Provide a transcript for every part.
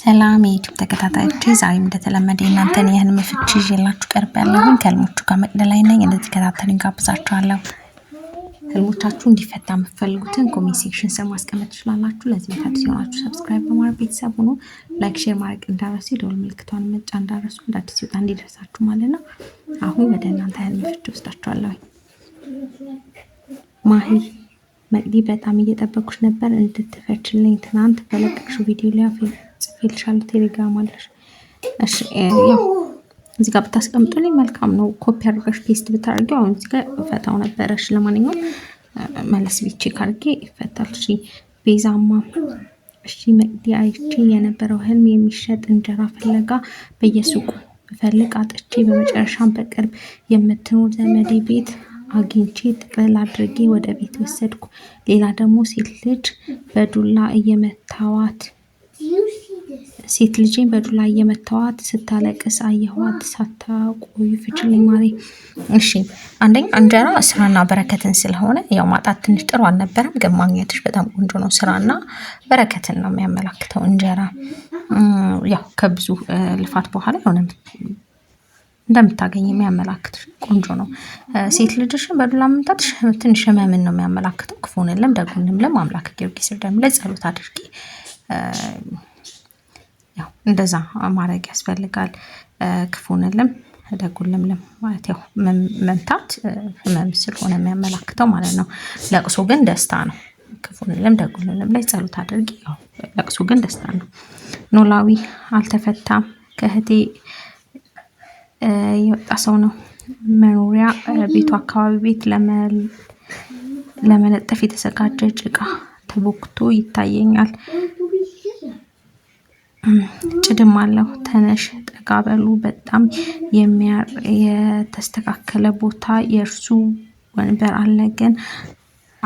ሰላም የዩቲዩብ ተከታታዮች ዛሬም እንደተለመደ እናንተን የህልም ፍቺ ይዤላችሁ ቀርብ ያለሁኝ ከህልሞቹ ጋር መቅደላይ ነኝ። እንድትከታተሉኝ ጋብዛችኋለሁ። ህልሞቻችሁ እንዲፈታ የምትፈልጉትን ኮሜንት ሴክሽን ስር ማስቀመጥ ትችላላችሁ። ለዚህ ቤታት ሲሆናችሁ ሰብስክራይብ በማድረግ ቤተሰብ ሆኖ ላይክ፣ ሼር ማድረግ እንዳረሱ የደወል ምልክቷን መጫ እንዳረሱ እንዳዲስ ሲወጣ እንዲደርሳችሁ ማለት ነው። አሁን ወደ እናንተ ህልም ፍቺ ወስዳችኋለሁ። ማሂ መቅዲ በጣም እየጠበኩሽ ነበር እንድትፈችልኝ ትናንት በለቀቅሽው ቪዲዮ ላይ ጽፌልሻለሁ ቴሌግራም አለሽ። እሺ ያው እዚህ ጋር ብታስቀምጡልኝ መልካም ነው። ኮፒ አድርገሽ ፔስት ብታደርጊው አሁን እዚህ ጋር ፈታው እሺ ለማንኛውም መለስ ቢቼ ካርጌ ይፈታል። እሺ ቤዛማ እሺ መቅዲ አይቼ የነበረው ህልም የሚሸጥ እንጀራ ፍለጋ በየሱቁ ፈልግ አጥቼ በመጨረሻም በቅርብ የምትኖር ዘመዴ ቤት አግኝቼ ጥቅልል አድርጌ ወደ ቤት ወሰድኩ። ሌላ ደግሞ ሴት ልጅ በዱላ እየመታዋት ሴት ልጄን በዱላ እየመታዋት ስታለቅስ አየኋት። ሳታቆዩ ፍችልኝ ማሪ። እሺ አንደኛ እንጀራ ስራና በረከትን ስለሆነ ያው ማጣት ትንሽ ጥሩ አልነበረም፣ ግን ማግኘትሽ በጣም ቆንጆ ነው። ስራና በረከትን ነው የሚያመላክተው። እንጀራ ያው ከብዙ ልፋት በኋላ የሆነ እንደምታገኝ የሚያመላክት ቆንጆ ነው። ሴት ልጅሽን በዱላ መምታት ትንሽ ህመምን ነው የሚያመላክተው። ክፉንልም ደጉንልም አምላክ ጊዮርጊስ እርዳን ብለሽ ጸሎት አድርጊ። እንደዛ ማድረግ ያስፈልጋል። ክፉንልም ደጉልምልም ማለት ያው መምታት ህመም ስለሆነ የሚያመላክተው ማለት ነው። ለቅሶ ግን ደስታ ነው። ክፉንልም ደጉልምልም ላይ ጸሎት አድርጊ። ያው ለቅሶ ግን ደስታ ነው። ኖላዊ አልተፈታም። ከህቴ የወጣ ሰው ነው። መኖሪያ ቤቱ አካባቢ ቤት ለመለጠፍ የተዘጋጀ ጭቃ ተቦክቶ ይታየኛል። ጭድም አለው። ተነሽ ጠጋ በሉ። በጣም የሚያር የተስተካከለ ቦታ የእርሱ ወንበር አለ፣ ግን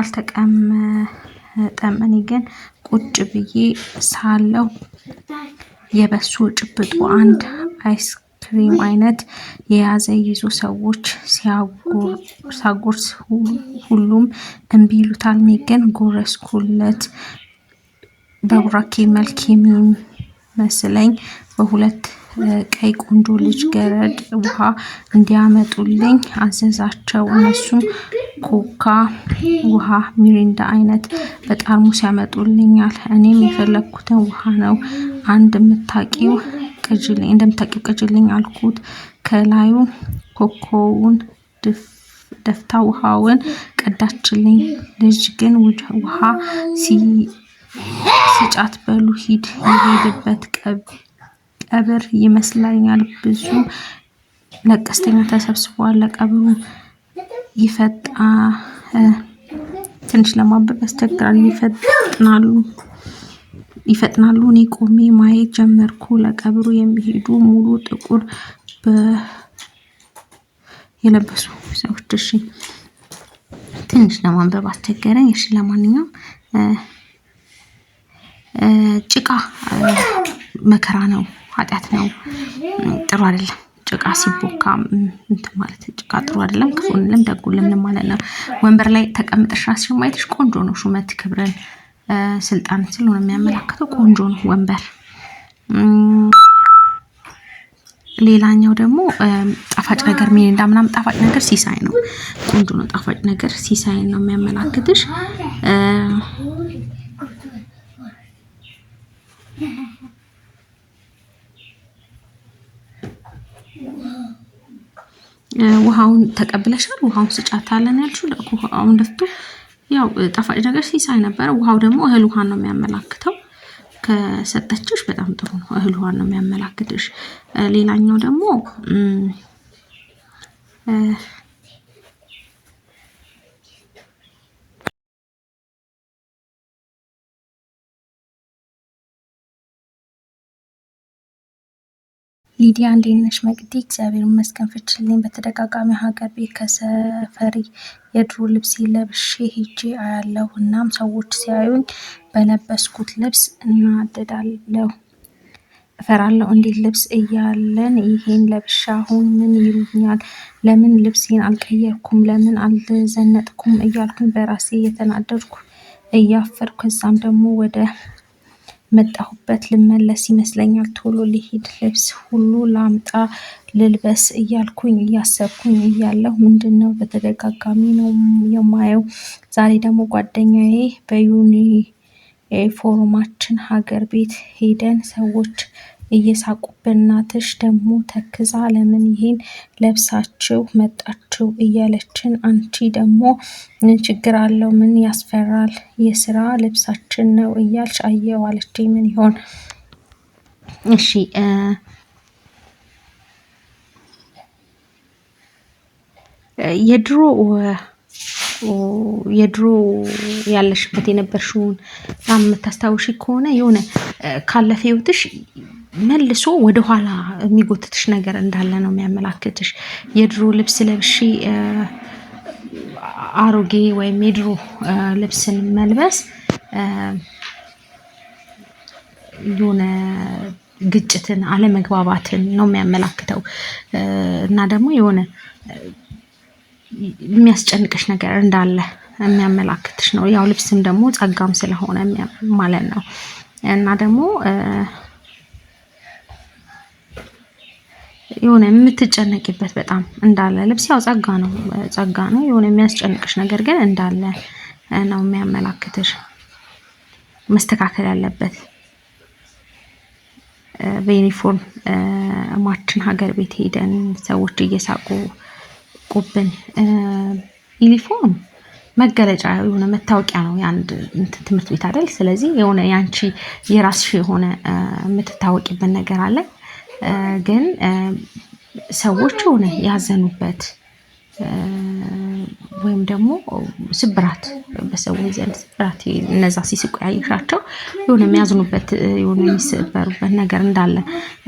አልተቀመጠም። እኔ ግን ቁጭ ብዬ ሳለው የበሱ ጭብጡ አንድ አይስክሪም አይነት የያዘ ይዞ ሰዎች ሲያጎርስ ሁሉም እምቢ ይሉታል። እኔ ግን ጎረስኩለት በቡራኬ መልክ መስለኝ በሁለት ቀይ ቆንጆ ልጅ ገረድ ውሃ እንዲያመጡልኝ አዘዛቸው። እነሱም ኮካ፣ ውሃ፣ ሚሪንዳ አይነት በጠርሙስ ያመጡልኛል። እኔም የፈለግኩትን ውሃ ነው። አንድ የምታቂው እንደምታቂው ቅጅልኝ አልኩት። ከላዩ ኮኮውን ደፍታ ውሃውን ቀዳችልኝ። ልጅ ግን ውሃ ስጫት በሉ ሂድ። የሄድበት ቀብር ይመስለኛል። ብዙ ለቀስተኛ ተሰብስበዋል። ለቀብሩ ይፈጣ ትንሽ ለማበብ ያስቸግራል። ይፈጥናሉ ይፈጥናሉ። እኔ ቆሜ ማየት ጀመርኩ። ለቀብሩ የሚሄዱ ሙሉ ጥቁር የለበሱ ሰዎች። እሺ ትንሽ ለማንበብ አስቸገረኝ። እሺ ለማንኛውም ጭቃ መከራ ነው፣ ኃጢአት ነው፣ ጥሩ አይደለም። ጭቃ ሲቦካ እንትን ማለት ጭቃ ጥሩ አይደለም። ክፉንልም ደጉልምንም ማለት ነው። ወንበር ላይ ተቀምጠሽ ራስሽን ማየትሽ ቆንጆ ነው። ሹመት ክብርን፣ ስልጣን ስለሆነ የሚያመላክተው ቆንጆ ነው ወንበር። ሌላኛው ደግሞ ጣፋጭ ነገር ሚሪንዳ ምናምን ጣፋጭ ነገር ሲሳይ ነው። ቆንጆ ነው። ጣፋጭ ነገር ሲሳይን ነው የሚያመላክትሽ። ውሃውን ተቀብለሻል፣ ውሃውን ስጫታለን ያልሹ ያልሽው ውሃውን ደፍቶ ያው ጣፋጭ ነገር ሲሳይ ነበረ። ውሃው ደግሞ እህል ውሃን ነው የሚያመላክተው። ከሰጠችሽ በጣም ጥሩ ነው። እህል ውሃን ነው የሚያመላክትሽ። ሌላኛው ደግሞ ሊዲያ እንዴት ነሽ? መቅዲ እግዚአብሔር ይመስገን ፍችልኝ። በተደጋጋሚ ሀገር ቤት ከሰፈሪ የድሮ ልብስ ለብሼ ሄጄ አያለሁ። እናም ሰዎች ሲያዩኝ በለበስኩት ልብስ እናደዳለሁ፣ እፈራለሁ። እንዴት ልብስ እያለን ይሄን ለብሼ አሁን ምን ይሉኛል? ለምን ልብሴን አልቀየርኩም? ለምን አልዘነጥኩም? እያልኩኝ በራሴ እየተናደድኩ እያፈርኩ ከዛም ደግሞ ወደ መጣሁበት ልመለስ ይመስለኛል። ቶሎ ሊሄድ ልብስ ሁሉ ላምጣ ልልበስ እያልኩኝ እያሰብኩኝ እያለሁ ምንድን ነው በተደጋጋሚ ነው የማየው። ዛሬ ደግሞ ጓደኛዬ በዩኒፎርማችን ሀገር ቤት ሄደን ሰዎች እየሳቁብን እናትሽ ደግሞ ተክዛ ለምን ይሄን ለብሳችሁ መጣችሁ እያለችን አንቺ ደግሞ ምን ችግር አለው ምን ያስፈራል የስራ ልብሳችን ነው እያልሽ አየው አለች። ምን ይሆን እሺ የድሮ የድሮ ያለሽበት የነበርሽውን የምታስታውሺ ከሆነ የሆነ ካለፈ ህይወትሽ መልሶ ወደኋላ የሚጎትትሽ ነገር እንዳለ ነው የሚያመላክትሽ። የድሮ ልብስ ለብሺ አሮጌ ወይም የድሮ ልብስን መልበስ የሆነ ግጭትን፣ አለመግባባትን ነው የሚያመላክተው እና ደግሞ የሆነ የሚያስጨንቅሽ ነገር እንዳለ የሚያመላክትሽ ነው። ያው ልብስም ደግሞ ጸጋም ስለሆነ ማለት ነው እና ደግሞ የሆነ የምትጨነቂበት በጣም እንዳለ ልብስ ያው ጸጋ ነው ጸጋ ነው። የሆነ የሚያስጨንቅሽ ነገር ግን እንዳለ ነው የሚያመላክትሽ። መስተካከል ያለበት በዩኒፎርም ማችን ሀገር ቤት ሄደን ሰዎች እየሳቁ ቁብን ዩኒፎርም መገለጫ የሆነ መታወቂያ ነው የአንድ ትምህርት ቤት አይደል? ስለዚህ የሆነ የአንቺ የራስሽ የሆነ የምትታወቂበት ነገር አለ። ግን ሰዎች የሆነ ያዘኑበት ወይም ደግሞ ስብራት በሰዎች ዘንድ ስብራት እነዛ ሲስቁ ያየሻቸው የሆነ የሚያዝኑበት የሆነ የሚሰበሩበት ነገር እንዳለ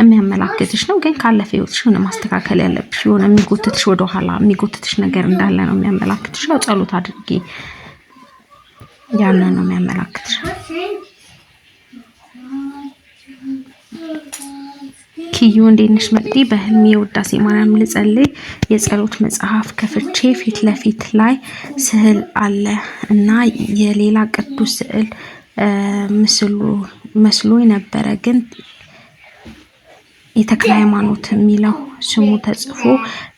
የሚያመላክትሽ ነው። ግን ካለፈ ህይወትሽ የሆነ ማስተካከል ያለብሽ የሆነ የሚጎትትሽ ወደኋላ የሚጎትትሽ ነገር እንዳለ ነው የሚያመላክትሽ። ያው ጸሎት አድርጌ ያንን ነው የሚያመላክትሽ። ኪዩ እንዴት ነሽ? መቅዲ በህልሜ የውዳሴ ማርያም ልጸልይ የጸሎት መጽሐፍ ከፍቼ ፊት ለፊት ላይ ስዕል አለ እና የሌላ ቅዱስ ስዕል ምስሉ መስሎኝ ነበረ ግን የተክለ ሃይማኖት የሚለው ስሙ ተጽፎ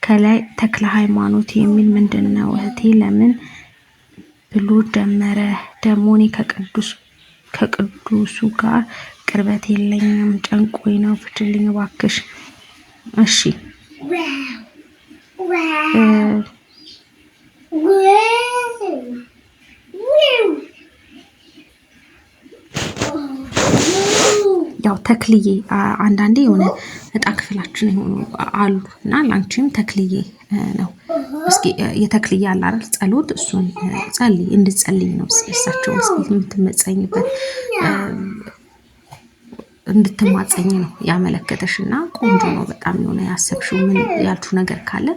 ከላይ ተክለ ሃይማኖት የሚል ምንድን ነው እህቴ ለምን ብሎ ደመረ ደግሞ እኔ ከቅዱሱ ጋር ቅርበት የለኝም፣ ጨንቆኝ ነው፣ ፍችልኝ እባክሽ። እሺ ያው ተክልዬ አንዳንዴ የሆነ እጣ ክፍላችን የሆኑ አሉ እና ላንቺም ተክልዬ ነው። እስኪ የተክልዬ አለ አይደል ጸሎት፣ እሱን ጸልይ፣ እንድጸልይ ነው እሳቸው እስኪ የምትመጸኝበት እንድትማጸኝ ነው ያመለከተሽ እና ቆንጆ ነው በጣም የሆነ ያሰብሽው ምን ያልቹ ነገር ካለ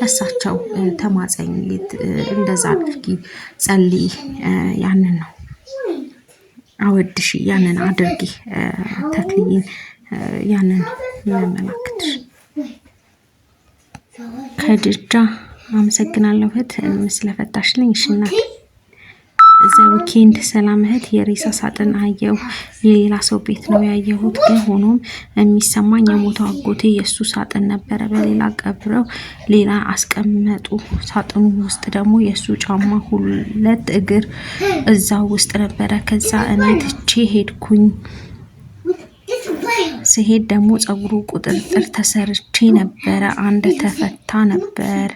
ለሳቸው ተማጸኝ፣ እንደዛ አድርጊ፣ ጸልይ፣ ያንን ነው አወድሽ፣ ያንን አድርጊ ተክልይን፣ ያንን ነው የሚያመላክትሽ። ከድጃ አመሰግናለሁ እህት ስለፈታሽልኝ። እሺ እናቴ እዛ ዊኬንድ ሰላም እህት የሬሳ ሳጥን አየሁ። የሌላ ሰው ቤት ነው ያየሁት፣ ግን ሆኖም የሚሰማኝ የሞተው አጎቴ የእሱ ሳጥን ነበረ። በሌላ ቀብረው ሌላ አስቀመጡ። ሳጥኑ ውስጥ ደግሞ የእሱ ጫማ ሁለት እግር እዛ ውስጥ ነበረ። ከዛ እኔ ትቼ ሄድኩኝ። ስሄድ ደግሞ ጸጉሩ ቁጥርጥር ተሰርቼ ነበረ። አንድ ተፈታ ነበር።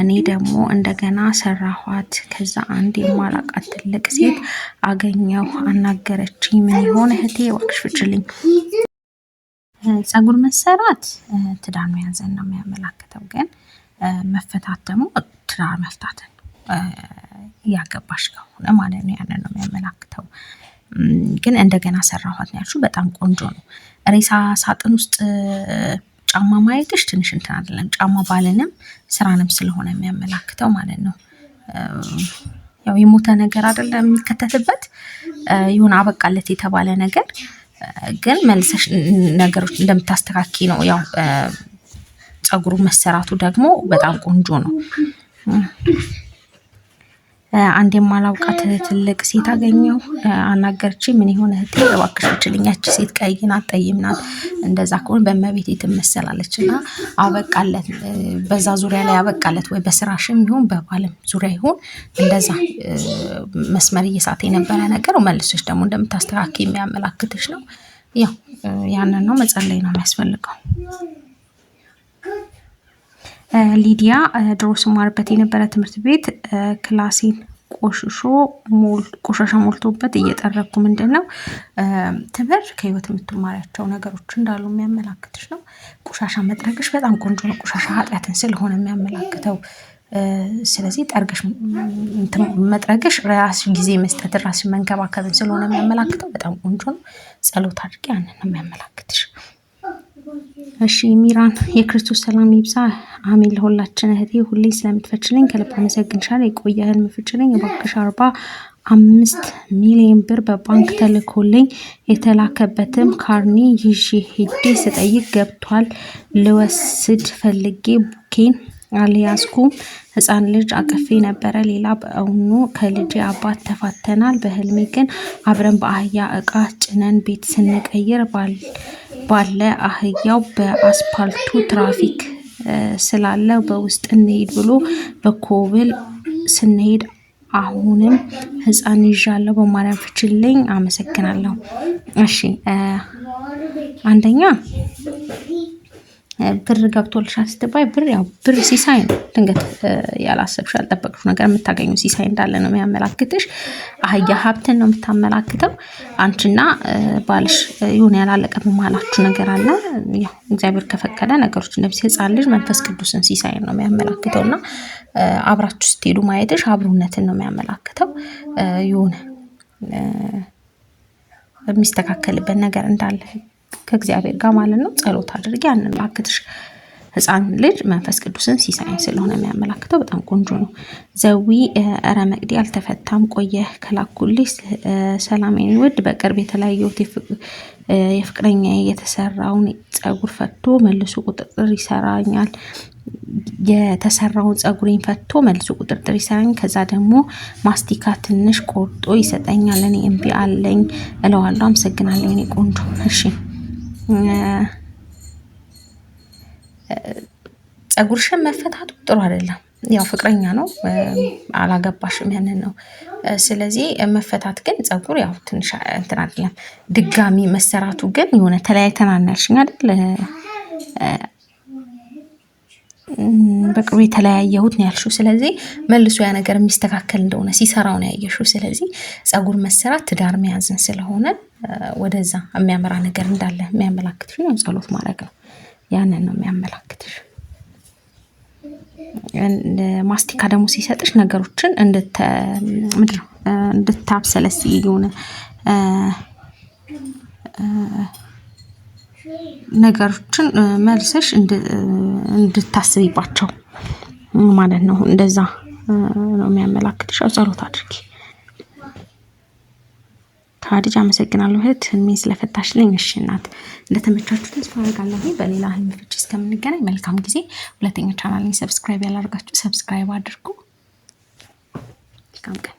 እኔ ደግሞ እንደገና ሰራኋት። ከዛ አንድ የማላቃት ትልቅ ሴት አገኘሁ፣ አናገረችኝ። ምን ይሆን እህቴ እባክሽ ፍችልኝ። ጸጉር መሰራት ትዳር መያዘን ነው የሚያመላክተው፣ ግን መፈታት ደግሞ ትዳር መፍታትን እያገባሽ ከሆነ ማለት ነው። ያንን ነው የሚያመላክተው። ግን እንደገና ሰራኋት ነው ያልሽው፣ በጣም ቆንጆ ነው። ሬሳ ሳጥን ውስጥ ጫማ ማየትሽ ትንሽ እንትን አይደለም። ጫማ ባልንም ስራንም ስለሆነ የሚያመላክተው ማለት ነው። ያው የሞተ ነገር አይደለም የሚከተትበት ይሁን አበቃለት የተባለ ነገር ግን መልሰሽ ነገሮች እንደምታስተካኪ ነው። ያው ፀጉሩ መሰራቱ ደግሞ በጣም ቆንጆ ነው። አንድ የማላውቃት ትልቅ ሴት አገኘው አናገርች። ምን የሆነ እህቴ እባክሽ ሴት ቀይ ናት፣ ጠይም ናት፣ እንደዛ ከሆነ በእመቤቴ ትመሰላለች። እና አበቃለት በዛ ዙሪያ ላይ አበቃለት ወይ በስራሽም ይሁን በባልም ዙሪያ ይሁን እንደዛ መስመር እየሳተ የነበረ ነገር መልሶች ደግሞ እንደምታስተካክ የሚያመላክትሽ ነው። ያው ያንን ነው መጸለይ ነው የሚያስፈልገው። ሊዲያ ድሮ ስማርበት የነበረ ትምህርት ቤት ክላሴን ቆሽሾ ቆሻሻ ሞልቶበት እየጠረኩ ምንድን ነው ትምህርት ከህይወት የምትማሪያቸው ነገሮች እንዳሉ የሚያመላክትሽ ነው። ቆሻሻ መጥረግሽ በጣም ቆንጆ ነው። ቆሻሻ ኃጢአትን ስለሆነ የሚያመላክተው ስለዚህ ጠርገሽ መጥረግሽ ራስ ጊዜ መስጠት ራስ መንከባከብን ስለሆነ የሚያመላክተው በጣም ቆንጆ ነው። ጸሎት አድርጌ ያንን ነው የሚያመላክትሽ። እሺ ሚራን የክርስቶስ ሰላም ይብዛ። አሜን። ለሁላችን እህቴ ሁሌ ስለምትፈችልኝ ከልብ አመሰግንሻለሁ። የቆየ ህልም ፍችልኝ እባክሽ። አርባ አምስት ሚሊዮን ብር በባንክ ተልኮልኝ የተላከበትም ካርኒ ይዤ ሄዴ ስጠይቅ ገብቷል። ልወስድ ፈልጌ ቡኬን አልያዝኩም። ህፃን ልጅ አቅፌ ነበረ። ሌላ በእውኑ ከልጄ አባት ተፋተናል። በህልሜ ግን አብረን በአህያ እቃ ጭነን ቤት ስንቀይር ባል ባለ አህያው በአስፓልቱ ትራፊክ ስላለ በውስጥ እንሄድ ብሎ በኮብል ስንሄድ አሁንም ህፃን ይዣለሁ በማርያም ፍችልኝ። አመሰግናለሁ። እሺ አንደኛ ብር ገብቶልሻል ስትባይ ብር ያው ብር ሲሳይ ነው። ድንገት ያላሰብሽ ያልጠበቅሽው ነገር የምታገኙ ሲሳይ እንዳለ ነው የሚያመላክትሽ። አህያ ሀብትን ነው የምታመላክተው። አንቺና ባልሽ ይሁን ያላለቀ መማላችሁ ነገር አለ። ያው እግዚአብሔር ከፈቀደ ነገሮች እንደ ሕፃን ልጅ መንፈስ ቅዱስን ሲሳይ ነው የሚያመላክተው እና አብራችሁ ስትሄዱ ማየትሽ አብሮነትን ነው የሚያመላክተው ይሁን የሚስተካከልበት ነገር እንዳለ ከእግዚአብሔር ጋር ማለት ነው። ጸሎት አድርጊ። ያንን ባክትሽ ህፃን ልጅ መንፈስ ቅዱስን ሲሳይን ስለሆነ የሚያመላክተው በጣም ቆንጆ ነው። ዘዊ እረ መቅዲ አልተፈታም ቆየ ከላኩልሽ ሰላሜን ውድ በቅርብ የተለያየ የፍቅረኛ የተሰራውን ጸጉር ፈቶ መልሶ ቁጥጥር ይሰራኛል። የተሰራውን ጸጉሬን ፈቶ መልሶ ቁጥርጥር ይሰራኛል። ከዛ ደግሞ ማስቲካ ትንሽ ቆርጦ ይሰጠኛል። እኔ እምቢ አለኝ እለዋለሁ። አመሰግናለሁ የኔ ቆንጆ እሺ ፀጉርሽን መፈታቱ ጥሩ አይደለም። ያው ፍቅረኛ ነው አላገባሽም፣ ያንን ነው። ስለዚህ መፈታት ግን ጸጉር ያው ትንሽ እንትን አይደለም። ድጋሚ መሰራቱ ግን የሆነ ተለያይተናናልሽኝ አይደል በቅርቡ የተለያየሁት ነው ያልሽው። ስለዚህ መልሶ ያ ነገር የሚስተካከል እንደሆነ ሲሰራው ነው ያየሽው። ስለዚህ ጸጉር መሰራት ትዳር መያዝን ስለሆነ ወደዛ የሚያመራ ነገር እንዳለ የሚያመላክትሽ ነው። ጸሎት ማድረግ ነው፣ ያንን ነው የሚያመላክትሽ። ማስቲካ ደግሞ ሲሰጥሽ ነገሮችን ምድር እንድታብሰለስ የሆነ ነገሮችን መልሰሽ እንድታስቢባቸው ማለት ነው። እንደዛ ነው የሚያመላክትሽ። ያው ጸሎት አድርጊ። ከአዲጅ አመሰግናለሁ እህት ህልሜን ስለፈታሽልኝ። እሺ እናት እንደተመቻችሁ ተስፋ አደርጋለሁ። በሌላ ህልም ፍቺ እስከምንገናኝ መልካም ጊዜ። ሁለተኛ ቻናል ሰብስክራይብ ያላደርጋችሁ ሰብስክራይብ አድርጉ። መልካም ቀን።